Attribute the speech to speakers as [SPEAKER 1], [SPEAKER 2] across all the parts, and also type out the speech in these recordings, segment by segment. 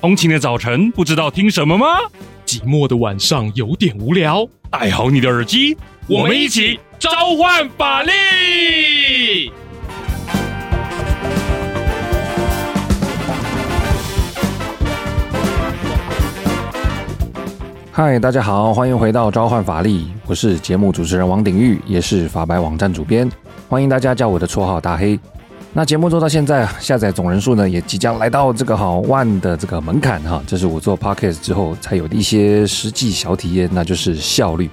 [SPEAKER 1] 通勤的早晨不知道聽什麼嗎？寂寞的晚上有點無聊，戴好你的耳機，我們一起召喚法力！嗨，大家好，歡迎回到召喚法力，我是節目主持人王鼎棫，也是法白網站主編，歡迎大家叫我的綽號大黑。那節目做到現在，下載總人數呢也即將來到這個好萬的這個門檻哈，這、啊就是我做 podcast 之後才有一些實際小體驗，那就是效率。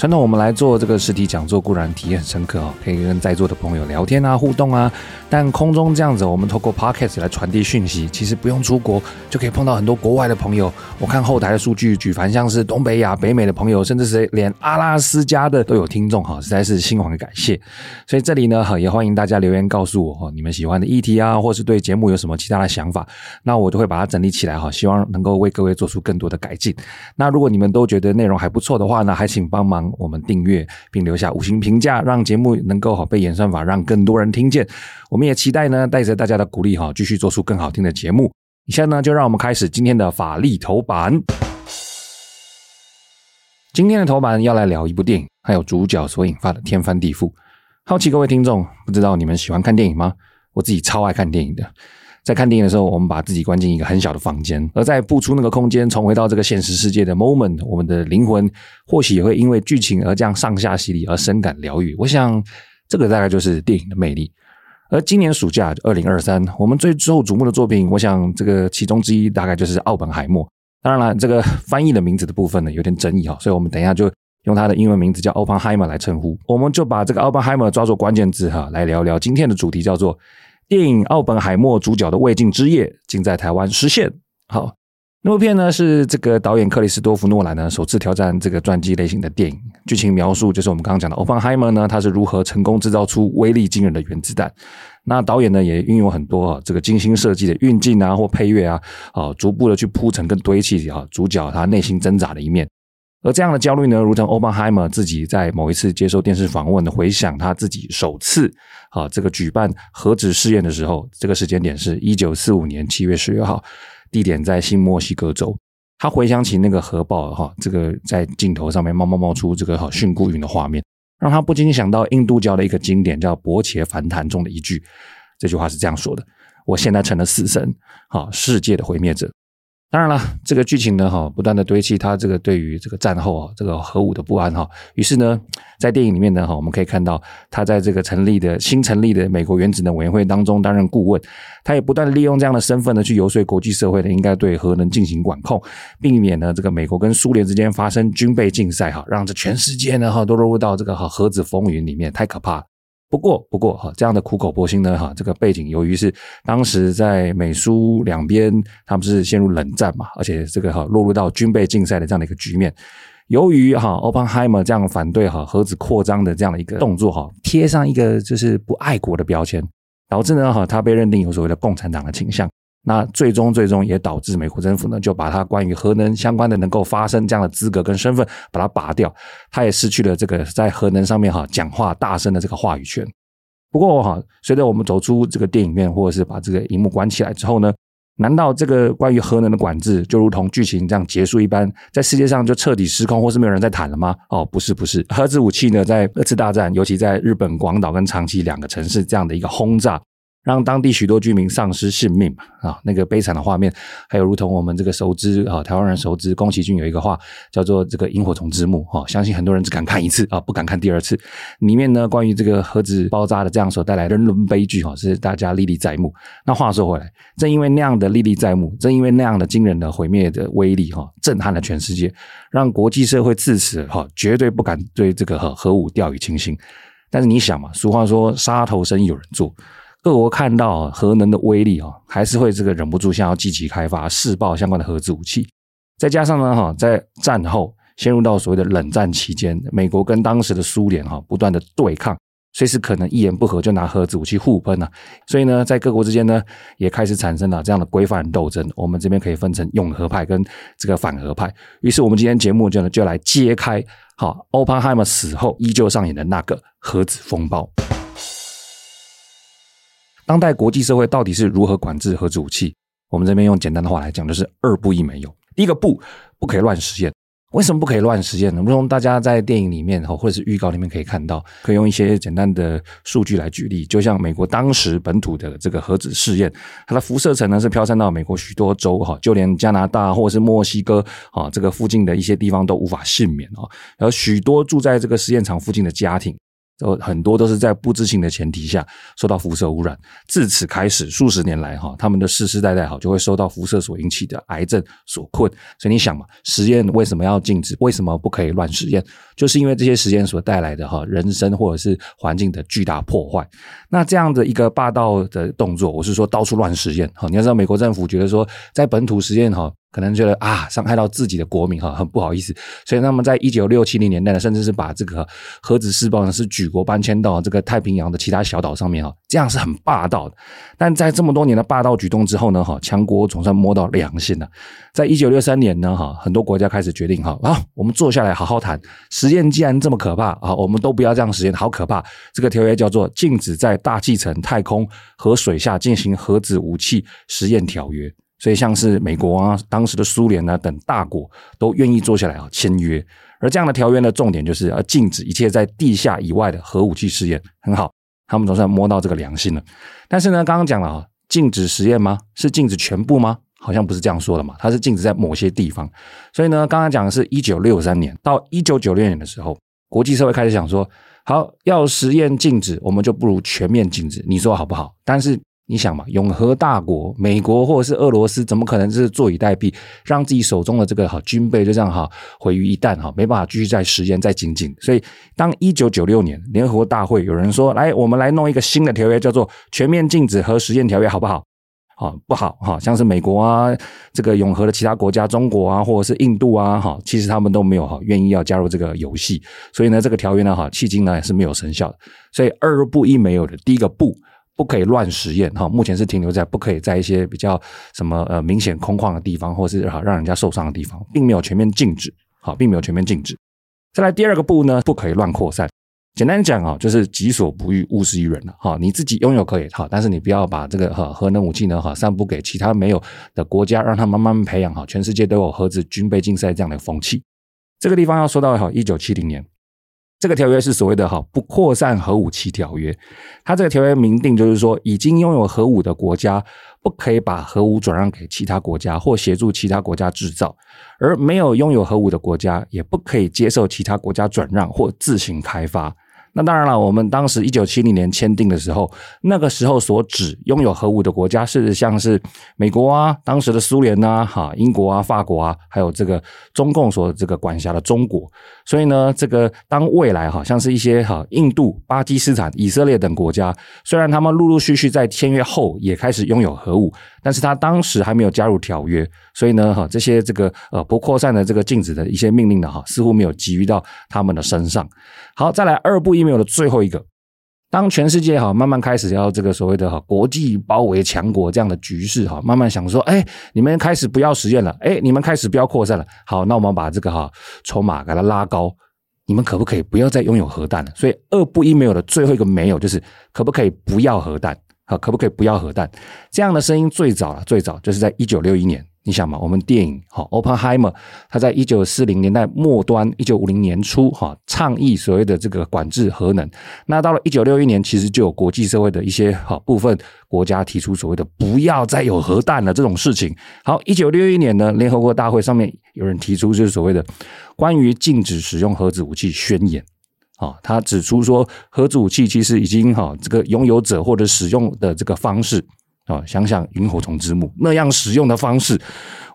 [SPEAKER 1] 傳統我們來做這個實體講座，固然體驗很深刻哦，可以跟在座的朋友聊天啊、互動啊。但空中這樣子，我們透過 Podcast 來傳遞訊息，其實不用出國就可以碰到很多國外的朋友。我看後台的數據，舉凡像是東北亞、北美的朋友，甚至是連阿拉斯加的都有聽眾哈、哦，實在是心懷感謝。所以這裡呢，也歡迎大家留言告訴我哈，你們喜歡的議題啊，或是對節目有什麼其他的想法，那我就會把它整理起來哈，希望能夠為各位做出更多的改進。那如果你們都覺得內容還不錯的話呢，還請幫忙。我們訂閱並留下五星評價，讓節目能夠好被演算法讓更多人聽見。我們也期待呢，帶着大家的鼓勵哈，繼續做出更好聽的節目。以下呢，就讓我們開始今天的法歷頭版。今天的頭版要來聊一部電影，還有主角所引發的天翻地覆。好奇各位聽眾，不知道你們喜歡看電影嗎？我自己超愛看電影的。在看電影的時候，我們把自己關進一個很小的房間，而在步出那個空間，重回到這個現實世界的 moment，我們的靈魂或許也會因為劇情而這樣上下洗禮，而深感療癒。我想，這個大概就是電影的魅力。而今年暑假，二零二三，我們最受矚目的作品，我想這個其中之一大概就是奧本海默。當然了，這個翻譯的名字的部分呢，有點爭議哈、哦，所以我們等一下就用它的英文名字叫 Oppenheimer 來稱呼。我們就把這個 Oppenheimer 抓作關鍵字哈，來聊一聊今天的主題，叫做。電影《奧本海默》主角的未竟之業竟在台灣實現。好，那部片呢是這個導演克里斯多夫諾蘭呢，首次挑戰這個傳記類型的電影。劇情描述就是我們剛剛講的奧本海默呢，他是如何成功製造出威力驚人的原子彈。那導演呢也運用很多、啊、這個精心設計的運鏡啊或配樂啊，啊逐步的去鋪陳跟堆砌啊主角他內心掙扎的一面。而這樣的焦慮呢，如同奧本海默自己在某一次接受電視訪問，回想他自己首次啊這個舉辦核子試驗的時候，這個時間點是一九四五年七月十六號，地點在新墨西哥州。他回想起那個核爆哈、啊，這個在鏡頭上面冒冒冒出這個哈，蕈菇雲的畫面，讓他不禁想到印度教的一個經典叫《薄伽梵談》中的一句，這句話是這樣說的：“我現在成了死神，哈、啊，世界的毀滅者。”當然了，這個劇情呢，哈，不斷的堆砌他這個對於這個戰後啊，這個核武的不安哈。於是呢，在電影裡面呢，哈，我們可以看到他在這個成立的新成立的美國原子能委員會當中擔任顧問，他也不斷利用這樣的身份呢，去遊說國際社會的應該對核能進行管控，避免呢這個美國跟蘇聯之間發生軍備競賽哈，讓這全世界呢哈都落入到這個哈核子風雲裡面，太可怕了。不過，不過哈，這樣的苦口婆心呢，哈，這個背景由於是當時在美蘇兩邊，他們是陷入冷戰嘛，而且這個哈落入到軍備競賽的這樣的一個局面，由於哈 Oppenheimer 這樣反對哈核子擴張的這樣的一個動作哈，貼上一個就是不愛國的標籤，導致呢哈他被認定有所謂的共產黨的傾向。那最終，最終也導致美國政府呢，就把他關於核能相關的能夠發生這樣的資格跟身份，把它拔掉，他也失去了這個在核能上面哈、啊、講話大聲的這個話語權。不過哈、啊，隨着我們走出這個電影院，或者是把這個熒幕關起來之後呢，難道這個關於核能的管制就如同劇情這樣結束一般，在世界上就徹底失控，或是沒有人再談了嗎？哦，不是，不是，核子武器呢，在二次大戰，尤其在日本廣島跟長崎兩個城市這樣的一個轟炸。讓當地許多居民喪失性命啊！那個悲慘的畫面，還有如同我們這個熟知啊，台灣人熟知，宮崎駿有一個畫叫做《這個螢火蟲之墓》哈，相信很多人只敢看一次啊，不敢看第二次。裡面呢，關於這個核子爆炸的這樣所帶來人倫悲劇哈，是大家歷歷在目。那話說回來，正因為那樣的歷歷在目，正因為那樣的驚人的毀滅的威力哈，震撼了全世界，讓國際社會自此哈絕對不敢對這個核核武掉以輕心。但是你想嘛，俗話說，殺頭生意有人做。各國看到核能的威力啊，還是會這個忍不住想要積極開發試爆相關的核子武器。再加上呢，哈，在戰後陷入到所謂的冷戰期間，美國跟當時的蘇聯哈不斷的對抗，隨時可能一言不合就拿核子武器互噴啊。所以呢，在各國之間呢，也開始產生了這樣的規範鬥爭。我們這邊可以分成擁核派，跟這個反核派。於是，我們今天節目就呢就來揭開，好，歐本海默死後依舊上演的那個核子風暴。當代國際社會到底是如何管制核子武器？我們這邊用簡單的話來講，就是二不一沒有。第一個不，不可以亂實驗。為什麼不可以亂實驗呢？如同大家在電影裡面哈，或者是預告裡面可以看到，可以用一些簡單的數據來舉例。就像美國當時本土的這個核子試驗，它的輻射層呢是飄散到美國許多州哈，就連加拿大或者是墨西哥啊這個附近的一些地方都無法幸免啊。而許多住在這個實驗場附近的家庭，呃，很多都是在不知情的前提下受到輻射污染，自此開始數十年來哈，他們的世世代代哈就會受到輻射所引起的癌症所困。所以你想嘛，實驗為什麼要禁止？為什麼不可以亂實驗？就是因為這些實驗所帶來的哈人生、或者是環境的巨大破壞。那這樣的一個霸道的動作，我是說到處亂實驗哈。你要知道，美國政府覺得說在本土實驗哈。可能覺得啊，傷害到自己的國民哈，很不好意思，所以那麼在一九六、七零年代呢，甚至是把這個核子試爆呢，是舉國搬遷到這個太平洋的其他小島上面哈，這樣是很霸道的。但在這麼多年的霸道舉動之後呢，哈，強國總算摸到良心了。在一九六三年呢，哈，很多國家開始決定哈，啊，我們坐下來好好談，實驗既然這麼可怕啊，我們都不要這樣實驗，好可怕。這個條約叫做《禁止在大氣層、太空和水下進行核子武器實驗條約》。所以，像是美國啊、當時的蘇聯呢等大國，都願意坐下來啊簽約。而這樣的條約呢，重點就是要啊，禁止一切在地下以外的核武器試驗。很好，他們總算摸到這個良心了。但是呢，剛剛講了啊，禁止實驗嗎？是禁止全部嗎？好像不是這樣說的嘛。它是禁止在某些地方。所以呢，剛剛講的是一九六三年到一九九六年的時候，國際社會開始想說，好要實驗禁止，我們就不如全面禁止。你說好不好？但是。你想嘛，擁核大國美國或者是俄羅斯，怎麼可能是坐以待斃，讓自己手中的這個好、啊、軍備就這樣哈毀於一旦哈、啊？沒辦法再，繼續在實驗再精進。所以，當一九九六年聯合國大會有人說：“來，我們來弄一個新的條約，叫做全面禁止核實驗條約，好不好？”啊，不好哈、啊！像是美國啊，這個擁核的其他國家，中國啊，或者是印度啊，哈、啊，其實他們都沒有哈願、啊、意要加入這個遊戲。所以呢，這個條約呢，哈、啊，迄今呢是沒有生效的。所以，二不一沒有的，第一個不。不可以亂實驗哈，目前是停留在不可以在一些比較什麼呃明顯空曠的地方，或是哈讓人家受傷的地方，並沒有全面禁止哈，並沒有全面禁止。再來第二個不呢，不可以亂擴散。簡單講啊、哦，就是己所不欲勿施於人了哈，你自己擁有可以哈，但是你不要把這個哈核能武器呢哈散布給其他沒有的國家，讓他慢慢培養好。全世界都有核子軍備競賽這樣的風氣，這個地方要說到哈一九七零年。這個條約是所謂的“哈不擴散核武器條約”，它這個條約明定就是說，已經擁有核武的國家不可以把核武轉讓給其他國家或協助其他國家製造，而沒有擁有核武的國家也不可以接受其他國家轉讓或自行開發。那當然了，我們當時一九七零年簽訂的時候，那個時候所指擁有核武的國家是像是美國啊、當時的蘇聯啊、哈英國啊、法國啊，還有這個中共所這個管轄的中國。所以呢，這個當未來哈像是一些哈印度、巴基斯坦、以色列等國家，雖然他們陸陸續續在簽約後也開始擁有核武，但是他當時還沒有加入條約。所以呢，哈，這些這個呃不擴散的這個禁止的一些命令呢，哈，似乎沒有給予到他們的身上。好，再來二不一沒有的最後一個，當全世界哈慢慢開始要這個所謂的哈國際包圍強國這樣的局勢哈，慢慢想說，欸，你們開始不要實驗了，欸，你們開始不要擴散了。好，那我們把這個哈籌碼給它拉高，你們可不可以不要再擁有核彈了？所以二不一沒有的最後一個沒有就是可不可以不要核彈？哈，可不可以不要核彈？這樣的聲音最早了，最早就是在一九六一年。你想嘛，我們電影哈、哦、Oppenheimer 他在一九四零年代末端，一九五零年初哈、哦，倡議所謂的這個管制核能。那到了一九六一年，其實就有國際社會的一些哈、哦、部分國家提出所謂的不要再有核彈了這種事情。好，一九六一年呢，聯合國大會上面有人提出就是所謂的關於禁止使用核子武器宣言。啊、哦，他指出說核子武器其實已經哈、哦、這個擁有者或者使用的這個方式。哦，想想《螢火蟲之墓》那樣使用的方式，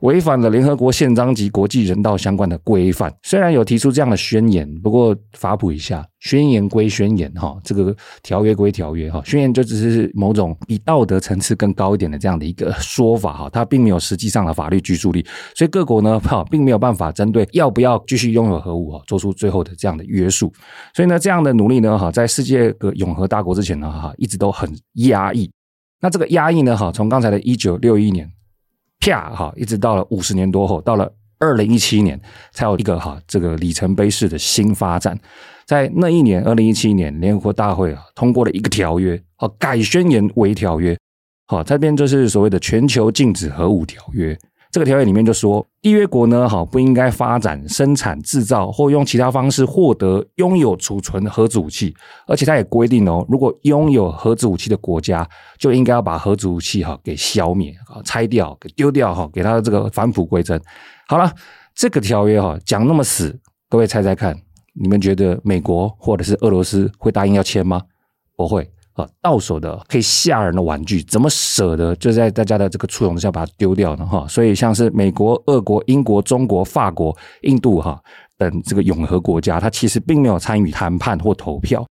[SPEAKER 1] 違反了聯合國憲章及國際人道相關的規範。雖然有提出這樣的宣言，不過法普一下，宣言歸宣言，哦、這個條約歸條約，哦、宣言就只是某種比道德層次更高一點的這樣的一個說法，哦、它並沒有實際上的法律拘束力。所以各國呢，哦、並沒有辦法針對要不要繼續擁有核武，哦、做出最後的這樣的約束。所以呢，這樣的努力呢，哦、在世界擁核大國之前呢，哦、一直都很壓抑。那這個壓抑呢，哈，從剛才的一九六一年，啪哈，一直到了五十年多後，到了二零一七年，才有一個哈這個里程碑式的新發展。在那一年，二零一七年聯合國大會啊通過了一個條約，哦，改宣言為條約，好，這邊就是所謂的全球禁止核武條約。這個條約裡面就說，締約國呢，哈不應該發展、生產、制造或用其他方式獲得、擁有、儲存核子武器。而且它也規定哦，如果擁有核子武器的國家就應該要把核子武器哈給消滅、拆掉、給丟掉哈，給它這個返璞歸真。好啦，這個條約哈講那麼死，各位猜猜看，你們覺得美國或者是俄羅斯會答應要簽嗎？不會。啊，到手的可以嚇人的玩具，怎麼捨得就在大家的這個簇擁之下把它丟掉呢？哈，所以像是美國、俄國、英國、中國、法國、印度哈等這個擁核國家，它其實並沒有參與談判或投票，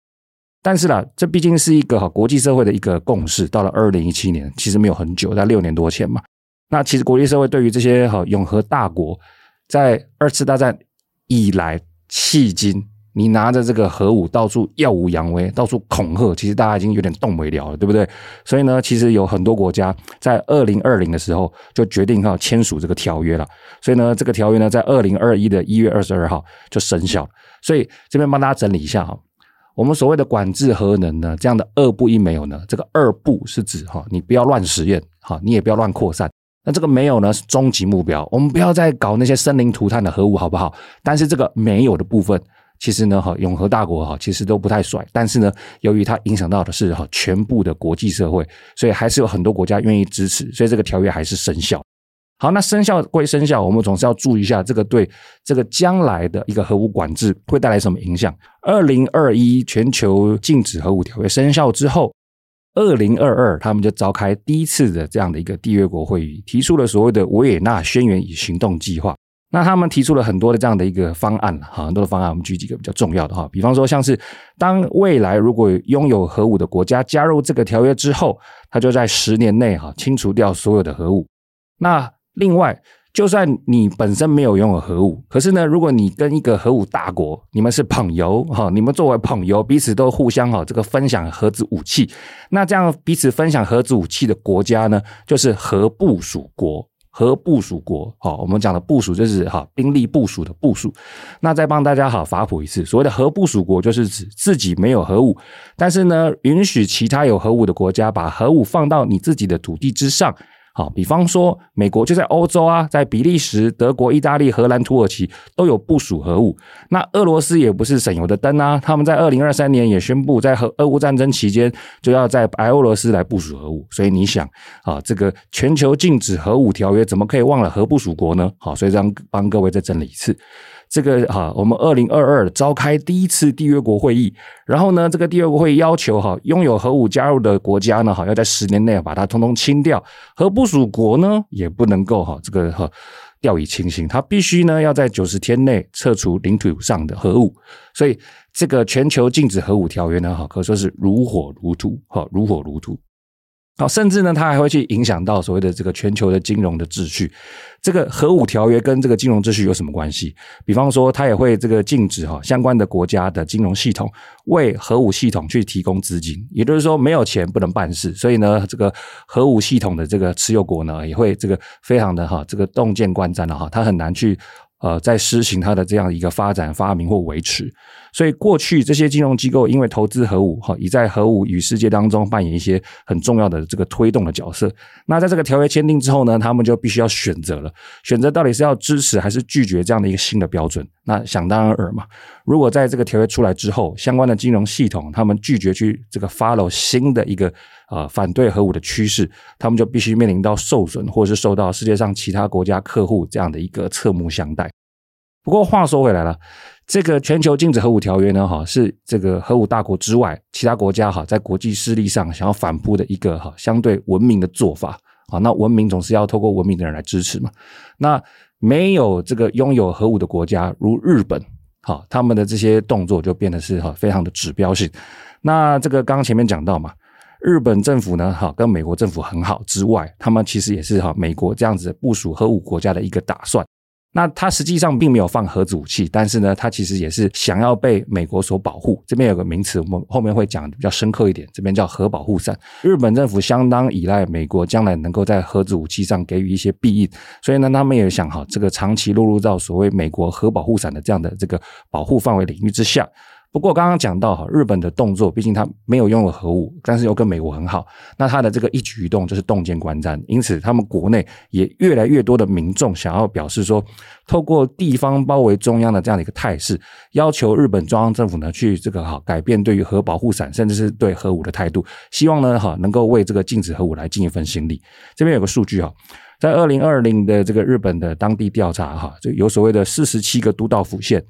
[SPEAKER 1] 但是啦，這畢竟是一個哈國際社會的一個共識。到了二零一七年，其實沒有很久，在六年多前嘛。那其實國際社會對於這些哈擁核大國，在二次大戰以來迄今。你拿着這個核武到處耀武揚威，到處恐嚇，其實大家已經有點動不了了，對不對？所以呢，其實有很多國家在二零二零的時候就決定哈簽署這個條約了。所以呢，這個條約呢，在二零二一的一月二十二號就生效了。所以這邊幫大家整理一下哈，我們所謂的管制核能呢，這樣的二不一沒有呢，這個二不是指哈，你不要亂實驗哈，你也不要亂擴散。那這個沒有呢，是終極目標，我們不要再搞那些生靈塗炭的核武，好不好？但是這個沒有的部分其實呢，哈，擁核大國哈，其實都不太甩。但是呢，由於它影響到的是哈全部的國際社會，所以還是有很多國家願意支持，所以這個條約還是生效。好，那生效歸生效，我們總是要注意一下這個對這個將來的一個核武管制會帶來什麼影響。二零二一全球禁止核武條約生效之後，二零二二他們就召開第一次的這樣的一個締約國會議，提出了所謂的維也納宣言與行動計劃。那他們提出了很多的這樣的一個方案了哈，很多的方案，我們舉幾個比較重要的哈，比方說像是當未來如果擁有核武的國家加入這個條約之後，它就在十年內哈清除掉所有的核武。那另外，就算你本身沒有擁有核武，可是呢，如果你跟一個核武大國，你們是朋友哈，你們作為朋友彼此都互相哈這個分享核子武器，那這樣彼此分享核子武器的國家呢，就是核部署國。核部署國，哦，我們講的部署就是兵力部署的部署。那再幫大家好法普一次，所謂的核部署國就是指自己沒有核武，但是呢，允許其他有核武的國家把核武放到你自己的土地之上。好，比方說，美國就在歐洲啊，在比利時、德國、意大利、荷蘭、土耳其都有部署核武。那俄羅斯也不是省油的燈啊，他們在二零二三年也宣布，在核俄烏戰爭期間就要在白俄羅斯來部署核武。所以你想啊，這個全球禁止核武條約怎麼可以忘了核部署國呢？好，所以這樣幫各位再整理一次。這個哈，我們二零二二召開第一次締約國會議，然後呢，這個締約國會要求哈，擁有核武加入的國家呢哈，要在十年內把它通通清掉，核部署國呢也不能夠哈，這個哈掉以輕心，它必須呢要在九十天內撤除領土上的核武，所以這個全球禁止核武條約呢哈，可說是如火如荼哈，如火如荼。好，甚至呢，它還會去影響到所謂的這個全球的金融的秩序。這個核武條約跟這個金融秩序有什麼關係？比方說，它也會這個禁止哈相關的國家的金融系統為核武系統去提供資金，也就是說，沒有錢不能辦事。所以呢，這個核武系統的這個持有國呢，也會這個非常的哈這個動見觀瞻了哈，它很難去呃在施行它的這樣一個發展、發明或維持。所以，過去這些金融機構因為投資核武，哈，已在核武與世界當中扮演，一些很重要的這個推動的角色。那在這個條約簽訂之後呢，他們就必須要選擇了，選擇到底是要支持還是拒絕這樣的一個新的標準。那想當然耳嘛，如果在這個條約出來之後，相關的金融系統他們拒絕去這個 follow 新的一個啊、呃、反對核武的趨勢，他們就必須面臨到受損，或者是受到世界上其他國家客戶這樣的一個側目相待。不過話說回來了。這個全球禁止核武條約呢，哈，是這個核武大國之外其他國家哈，在國際勢力上想要反撲的一個哈相對文明的做法啊。那文明總是要透過文明的人來支持嘛。那沒有這個擁有核武的國家，如日本，哈，他們的這些動作就變得是哈非常的指標性。那這個剛剛前面講到嘛，日本政府呢，哈，跟美國政府很好之外，他們其實也是哈美國這樣子部署核武國家的一個打算。那它實際上並沒有放核子武器，但是呢，它其實也是想要被美國所保護。這邊有個名詞，我們後面會講的比較深刻一點，這邊叫核保護傘。日本政府相當依賴美國，將來能夠在核子武器上給予一些庇蔭，所以呢，他們也想哈，這個長期落入到所謂美國核保護傘的這樣的這個保護範圍領域之下。不過剛剛講到哈，日本的動作，畢竟它沒有擁有核武，但是又跟美國很好，那它的這個一舉一動就是動見觀瞻，因此他們國內也越來越多的民眾想要表示說，透過地方包圍中央的這樣的一個態勢，要求日本中央政府呢去這個哈改變對於核保護傘，甚至是對核武的態度，希望呢哈能夠為這個禁止核武來盡一份心力。這邊有個數據哈，在二零二零的這個日本的當地調查哈，就有所謂的四十七個都道府縣。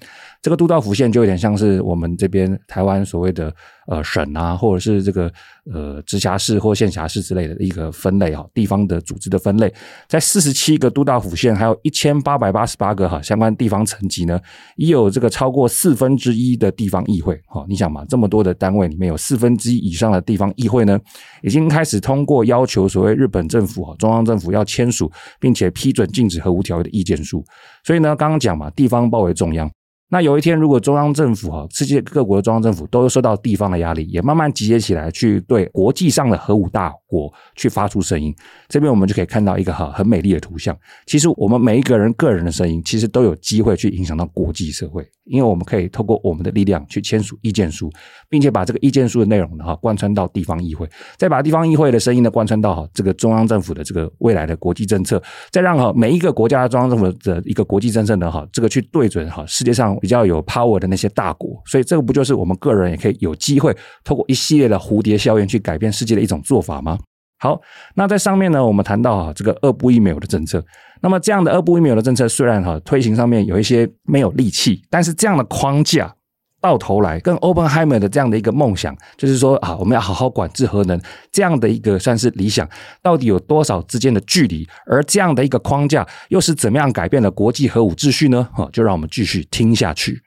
[SPEAKER 1] 這個都道府縣就有點像是我們這邊台灣所謂的呃省啊，或者是這個呃直轄市或縣轄市之類的一個分類哈、啊，地方的組織的分類。在四十七個都道府縣，還有一千八百八十八個哈、啊、相關地方層級呢，已有這個超過四分之一的地方議會哈。你想嘛，這麼多的單位裡面有四分之一以上的地方議會呢，已經開始通過要求所謂日本政府哈、啊、中央政府要簽署並且批准禁止核武條約的意見書。所以呢，剛剛講嘛，地方包圍中央。那有一天，如果中央政府哈、啊、世界各國的中央政府都受到地方的壓力，也慢慢集結起來去對國際上的核武大國去發出聲音，這邊我們就可以看到一個哈很美麗的圖像。其實我們每一個人個人的聲音，其實都有機會去影響到國際社會，因為我們可以透過我們的力量去簽署意見書，並且把這個意見書的內容呢哈貫穿到地方議會，再把地方議會的聲音呢貫穿到哈這個中央政府的這個未來的國際政策，再讓哈每一個國家的中央政府的一個國際政策呢哈這個去對準哈世界上。比較有 power 的那些大國，所以這個不就是我們個人也可以有機會透過一系列的蝴蝶效應去改變世界的一種做法嗎？好，那在上面呢，我們談到啊，這個二不一沒有的政策，那麼這樣的二不一沒有的政策雖然哈推行上面有一些沒有力氣，但是這樣的框架。到頭來，跟 Oppenheimer 的這樣的一個夢想，就是說啊，我們要好好管制核能這樣的一個算是理想，到底有多少之間的距離？而這樣的一個框架，又是怎麼樣改變了國際核武秩序呢？好、哦，就讓我們繼續聽下去。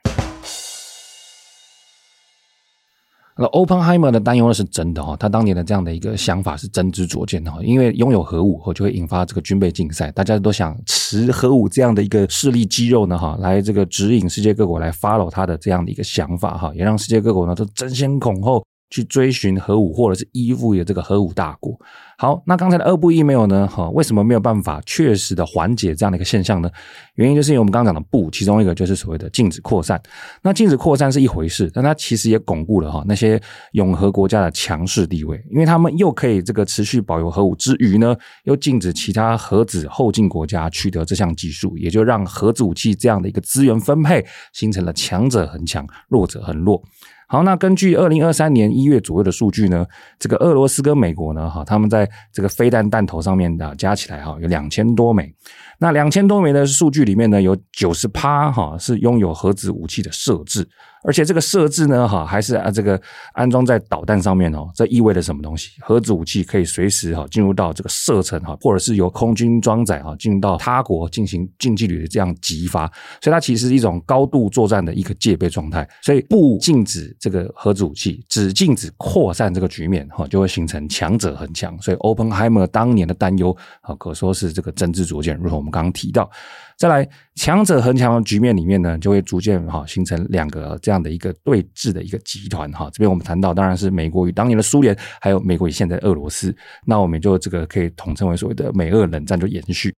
[SPEAKER 1] 那 Oppenheimer 的擔憂呢是真的哈，他當年的這樣的一個想法是真知灼見的哈，因為擁有核武後就會引發這個軍備競賽，大家都想持核武這樣的一個勢力肌肉呢哈，來這個指引世界各國來 follow 他的這樣的一個想法哈，也讓世界各國呢都爭先恐後去追尋核武或者是依附於這個核武大國。好，那剛才的二不一沒有呢？哈，為什麼沒有辦法確實的緩解這樣的一個現象呢？原因就是因為我們剛剛講的不，其中一個就是所謂的禁止擴散。那禁止擴散是一回事，但它其實也鞏固了哈那些擁核國家的強勢地位，因為他們又可以這個持續保有核武之餘呢，又禁止其他核子後進國家取得這項技術，也就讓核子武器這樣的一個資源分配形成了強者恆強，弱者恆弱。好，那根據二零二三年一月左右的數據呢，這個俄羅斯跟美國呢，哈，他們在這個飛彈彈頭上面的加起來哈，有兩千多枚。那兩千多枚的數據裡面呢，有九十趴哈是擁有核子武器的設置。而且這個設置呢，哈，還是啊，這個安裝在導彈上面哦，這意味着什麼東西？核子武器可以隨時哈進入到這個射程哈，或者是由空軍裝載哈進入到他國進行近距離的這樣激發，所以它其實是一種高度作戰的一個戒備狀態。所以不禁止這個核子武器，只禁止擴散這個局面哈，就會形成強者恆強。所以 Oppenheimer 當年的擔憂啊，可說是這個真知灼見。如同我們剛剛提到，再來，強者恆強的局面裡面呢，就會逐漸哈形成兩個這樣的一個對峙的一個集團哈。這邊我們談到，當然是美國與當年的蘇聯，還有美國與現在俄羅斯，那我們就這個可以統稱為所謂的美俄冷戰就延續。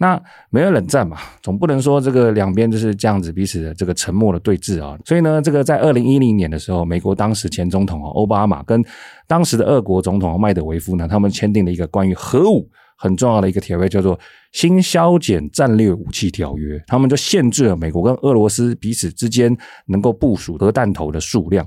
[SPEAKER 1] 那美俄冷戰嘛，總不能說這個兩邊就是這樣子彼此的這個沉默的對峙啊。所以呢，這個在二零一零年的時候，美國當時前總統啊奧巴馬跟當時的俄國總統麥德維夫呢，他們簽訂了一個關於核武。很重要的一個條約叫做《新削減戰略武器條約》，他們就限制了美國跟俄羅斯彼此之間能夠部署核彈頭的數量。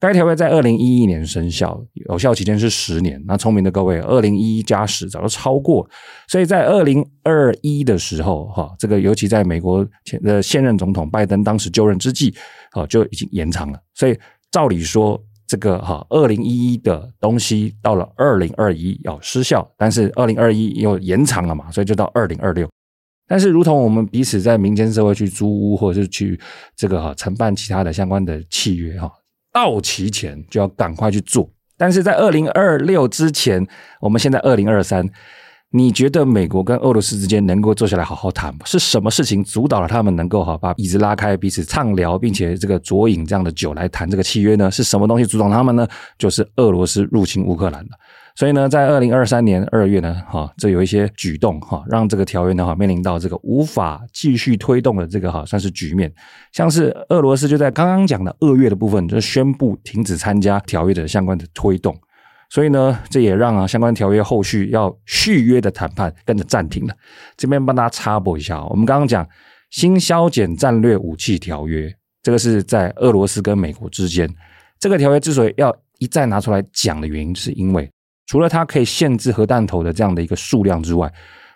[SPEAKER 1] 該條約在二零一一年生效，有效期間是十年。那聰明的各位，二零一一加十早就超過了，所以在二零二一的時候，哈，這個尤其在美國前的現任總統拜登當時就任之際，哦，就已經延長了。所以照理說。這個哈，二零一一的東西到了二零二一要失效，但是二零二一又延長了嘛，所以就到二零二六。但是，如同我們彼此在民間社會去租屋，或者是去這個哈承辦其他的相關的契約哈，到期前就要趕快去做。但是在二零二六之前，我們現在二零二三。你覺得美國跟俄羅斯之間能夠坐下來好好談嗎？是什麼事情阻擋了他們能夠哈把椅子拉開，彼此暢聊，並且這個酌飲這樣的酒來談這個契約呢？是什麼東西阻擋他們呢？就是俄羅斯入侵烏克蘭的。所以呢，在二零二三年二月呢，哈，這有一些舉動哈，讓這個條約呢哈面臨到這個無法繼續推動的這個哈算是局面，像是俄羅斯就在剛剛講的二月的部分就宣布停止參加條約的相關的推動。所以呢，這也讓啊相關條約後續要續約的談判跟着暫停了。這邊幫大家插播一下，我們剛剛講新削減戰略武器條約，這個是在俄羅斯跟美國之間。這個條約之所以要一再拿出來講的原因，是因為除了它可以限制核彈頭的這樣的一個數量之外，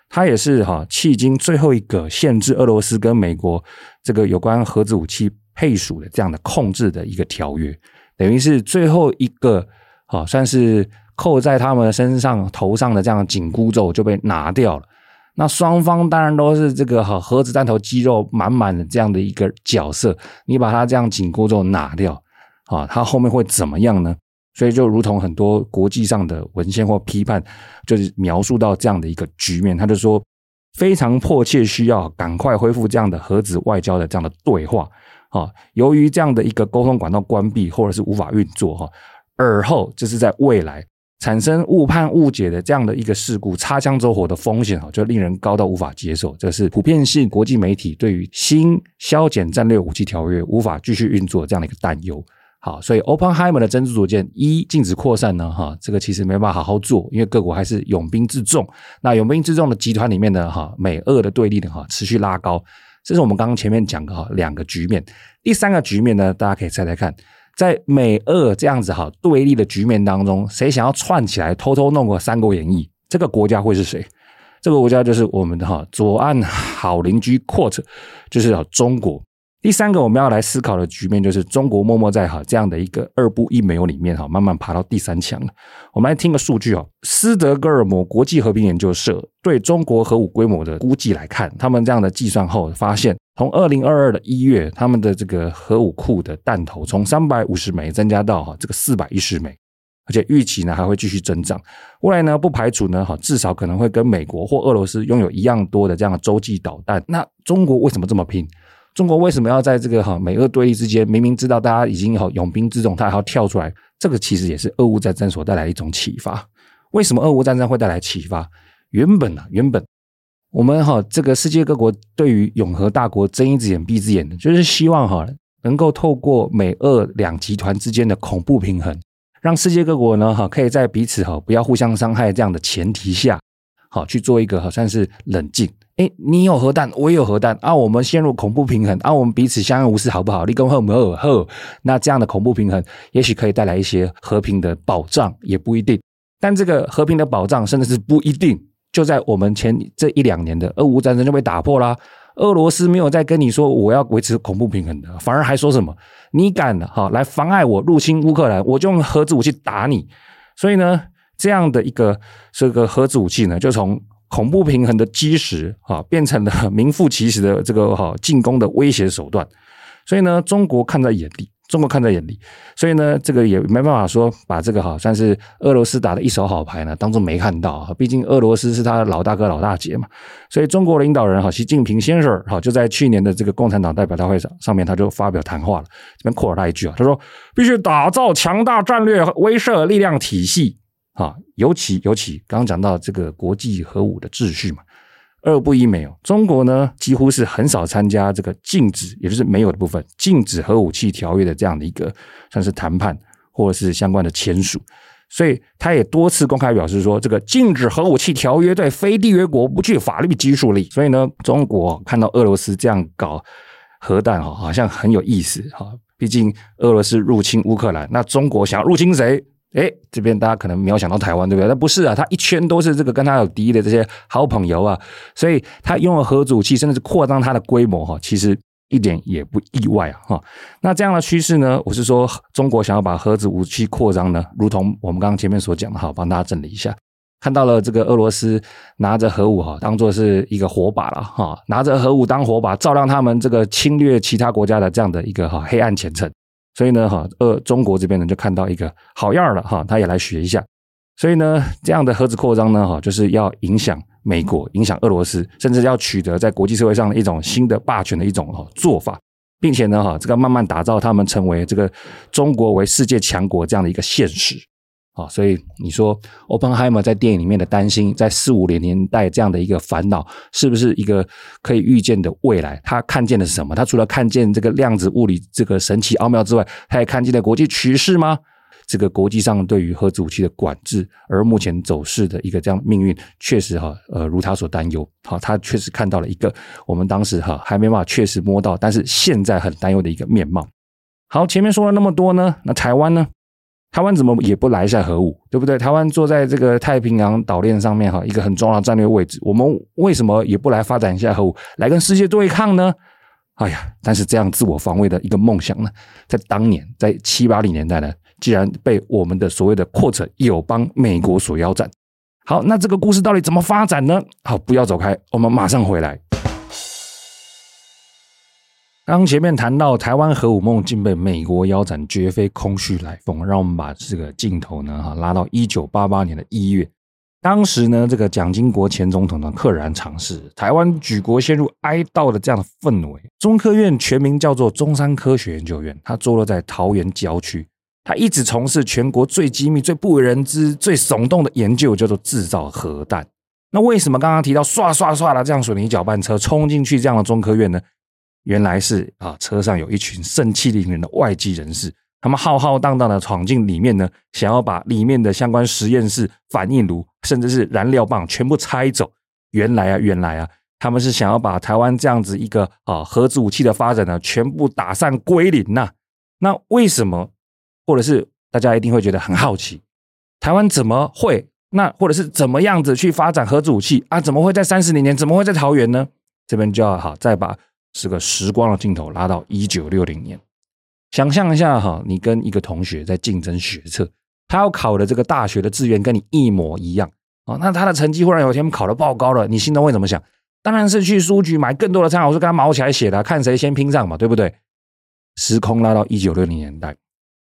[SPEAKER 1] 它也是哈、啊、迄今最後一個限制俄羅斯跟美國這個有關核子武器配屬的這樣的控制的一個條約，等於是最後一個。好，算是扣在他們身上頭上的這樣緊箍咒，就被拿掉了。那雙方當然都是這個哈核子彈頭肌肉滿滿的這樣的一個角色，你把它這樣緊箍咒拿掉，啊，它後面會怎麼樣呢？所以就如同很多國際上的文獻或批判，就是描述到這樣的一個局面，他就說非常迫切需要趕快恢復這樣的核子外交的這樣的對話。啊，由於這樣的一個溝通管道關閉或者是無法運作，哈。而後，這、就是在未來產生誤判、誤解的這樣的一個事故，擦槍走火的風險哈，就令人高到無法接受。這是普遍性國際媒體對於新削減戰略武器條約無法繼續運作這樣的一個擔憂。好，所以 Oppenheimer 的珍珠組件一禁止擴散呢，哈，這個其實沒辦法好好做，因為各國還是擁兵自重。那擁兵自重的集團裡面呢，哈，美俄的對立呢，哈，持續拉高。這是我們剛剛前面講的哈兩個局面。第三個局面呢，大家可以猜猜看。在美俄這樣子哈對立的局面當中，誰想要串起來偷偷弄個《三國演義》？這個國家會是誰？這個國家就是我們的哈左岸好鄰居 q u t 就是中國。第三個我們要來思考的局面就是中國默默在哈這樣的一個二不一沒有裡面哈慢慢爬到第三強了。我們來聽個數據哦，斯德哥爾摩國際和平研究所對中國核武規模的估計來看，他們這樣的計算後發現，從二零二二的一月，他們的這個核武庫的彈頭從三百五十枚增加到哈、哦、這個四百一十枚，而且預期呢還會繼續增長。未來呢不排除呢哈至少可能會跟美國或俄羅斯擁有一樣多的這樣的洲際導彈。那中國為什麼這麼拼？中國為什麼要在這個哈美俄對弈之間，明明知道大家已經哈擁兵自重，他還要跳出來？這個其實也是俄烏戰爭所帶來一種啟發。為什麼俄烏戰爭會帶來啟發？原本呢、啊，原本。我們哈，這個世界各國對於擁核大國睜一只眼閉一只眼的，就是希望哈，能夠透過美俄兩集團之間的恐怖平衡，讓世界各國呢哈，可以在彼此哈不要互相傷害這樣的前提下，好去做一個好算是冷靜。哎，你有核彈，我也有核彈，啊，我們陷入恐怖平衡，啊，我們彼此相安無事，好不好？你講好，我們講好，那這樣的恐怖平衡，也許可以帶來一些和平的保障，也不一定。但這個和平的保障，甚至是不一定。就在我們前這一兩年的俄烏戰爭就被打破了啊。俄羅斯沒有再跟你說我要維持恐怖平衡的，反而還說什麼你敢哈來妨礙我入侵烏克蘭，我就用核子武器打你。所以呢，這樣的一個這個核子武器呢，就從恐怖平衡的基石變成了名副其實的這個哈進攻的威脅手段。所以呢，中國看在眼裡。中國看在眼裡，所以呢，這個也沒辦法說把這個哈，算是俄羅斯打的一手好牌呢，當做沒看到啊。畢竟俄羅斯是他老大哥、老大姐嘛，所以中國領導人哈，習近平先生哈，就在去年的這個共產黨代表大會上上面，他就發表談話了，這邊擴大一句啊，他說必須打造強大戰略威懾力量體系啊、哦，尤其尤其剛剛講到這個國際核武的秩序嘛。二不一沒有，中國呢幾乎是很少參加這個禁止，也就是沒有的部分禁止核武器條約的這樣的一個算是談判或者是相關的簽署，所以他也多次公開表示說，這個禁止核武器條約對非締約國不具法律拘束力。所以呢，中國看到俄羅斯這樣搞核彈哈，好像很有意思哈。畢竟俄羅斯入侵烏克蘭，那中國想要入侵誰？哎，這邊大家可能沒有想到台灣，對不對？那不是啊，他一圈都是這個跟他有敵意的這些好朋友啊，所以他擁有核子武器，甚至是擴張他的規模哈，其實一點也不意外啊哈。那這樣的趨勢呢，我是說中國想要把核子武器擴張呢，如同我們剛剛前面所講的哈，幫大家整理一下，看到了這個俄羅斯拿着核武哈，當作是一個火把了哈，拿着核武當火把照亮他們這個侵略其他國家的這樣的一個哈黑暗前程。所以呢，哈，呃，中國這邊呢就看到一個好樣了，哈，他也來學一下。所以呢，這樣的核子擴張呢，哈，就是要影響美國、影響俄羅斯，甚至要取得在國際社會上的一種新的霸權的一種哈做法，並且呢，哈，這個慢慢打造他們成為這個中國為世界強國這樣的一個現實。啊，所以你說 Oppenheimer 在電影裡面的擔心，在四五年年代這樣的一個煩惱，是不是一個可以預見的未來？他看見的是什麼？他除了看見這個量子物理這個神奇奧妙之外，他也看見了國際趨勢嗎？這個國際上對於核子武器的管制，而目前走勢的一個這樣命運，確實哈，呃，如他所擔憂。好，他確實看到了一個我們當時哈還沒辦法確實摸到，但是現在很擔憂的一個面貌。好，前面說了那麼多呢，那台灣呢？台灣怎麼也不來一下核武，對不對？台灣坐在這個太平洋島鏈上面哈，一個很重要的戰略位置。我們為什麼也不來發展一下核武，來跟世界對抗呢？哎呀，但是這樣自我防衛的一個夢想呢，在當年在七八零年代呢，竟然被我們的所謂的“擴者友邦”美國所腰斬。好，那這個故事到底怎麼發展呢？好，不要走開，我們馬上回來。剛前面談到台灣核武夢，竟被美國腰斬，絕非空穴來風。讓我們把這個鏡頭呢，哈，拉到一九八八年的一月。當時呢，這個蔣經國前總統呢，溘然長逝，台灣舉國陷入哀悼的這樣的氛圍。中科院全名叫做中山科學研究院，它坐落在桃園郊區，它一直從事全國最機密、最不為人知、最聳動的研究，叫做制造核彈。那為什麼剛剛提到唰唰唰的這樣水泥攪拌車衝進去這樣的中科院呢？原來是啊，車上有一群盛氣凌人的外籍人士，他們浩浩蕩蕩的闖進裡面呢，想要把裡面的相關實驗室、反應爐，甚至是燃料棒全部拆走。原來啊，原來啊，他們是想要把台灣這樣子一個啊核子武器的發展呢，全部打散歸零吶、啊。那為什麼，或者是大家一定會覺得很好奇，台灣怎麼會那或者是怎麼樣子去發展核子武器啊？怎麼會在三十年年，怎麼會在桃園呢？這邊就要好，再把。是個時光的鏡頭拉到一九六零年，想象一下哈，你跟一個同學在競爭學測，他要考的這個大學的志願跟你一模一樣啊，那他的成績忽然有一天考得爆高了，你心中會怎麼想？當然是去書局買更多的參考書，我跟他卯起來寫的，看誰先拼上嘛，對不對？時空拉到一九六零年代，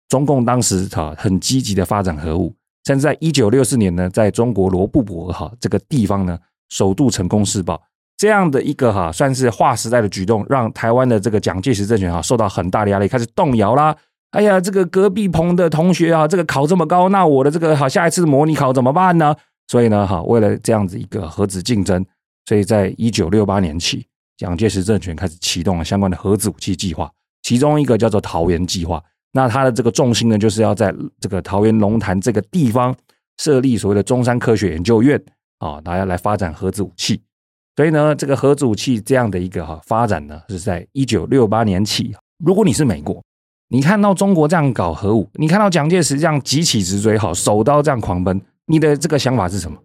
[SPEAKER 1] 中共當時哈很積極的發展核武，甚至在一九六四年呢，在中國羅布泊哈這個地方呢，首度成功試爆。這樣的一個哈，算是劃時代的舉動，讓台灣的這個蔣介石政權哈受到很大的壓力，開始動搖啦。哎呀，這個隔壁棚的同學啊，這個考這麼高，那我的這個哈下一次模擬考怎麼辦呢？所以呢，哈，為了這樣子一個核子競爭，所以在一九六八年起，蔣介石政權開始啟動了相關的核子武器計劃，其中一個叫做桃園計劃。那它的這個重心呢，就是要在這個桃園龍潭這個地方設立所謂的中山科學研究院啊，大家來發展核子武器。所以呢，這個核武器，這樣的一個哈發展呢，是在一九六八年起。如果你是美國，你看到中國這樣搞核武，你看到蔣介石這樣急起直追，好手刀這樣狂奔，你的這個想法是什麼？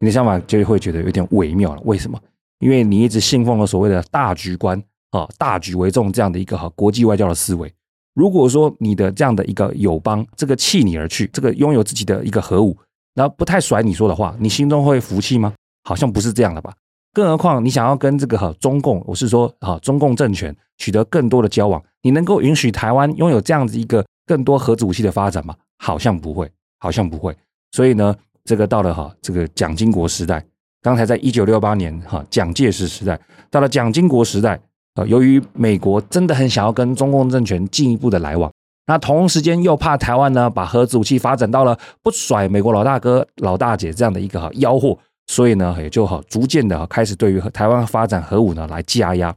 [SPEAKER 1] 你的想法就會覺得有點微妙了。為什麼？因為你一直信奉了所謂的大局觀啊，大局為重這樣的一個哈國際外交的思維。如果說你的這樣的一個友邦這個棄你而去，這個擁有自己的一個核武，然後不太甩你說的話，你心中會服氣嗎？好像不是這樣的吧？更何況，你想要跟這個哈、啊、中共，我是說哈、啊、中共政權取得更多的交往，你能夠允許台灣擁有這樣子一個更多核子武器的發展嗎？好像不會，好像不會。所以呢，這個到了哈、啊、這個蔣經國時代，剛才在一九六八年哈蔣、啊、介石時代，到了蔣經國時代，啊、由於美國真的很想要跟中共政權進一步的來往，那同時間又怕台灣呢把核子武器發展到了不甩美國老大哥老大姐這樣的一個哈吆喝。吆喝所以呢，也就好逐漸的開始對於台灣發展核武呢，來加壓。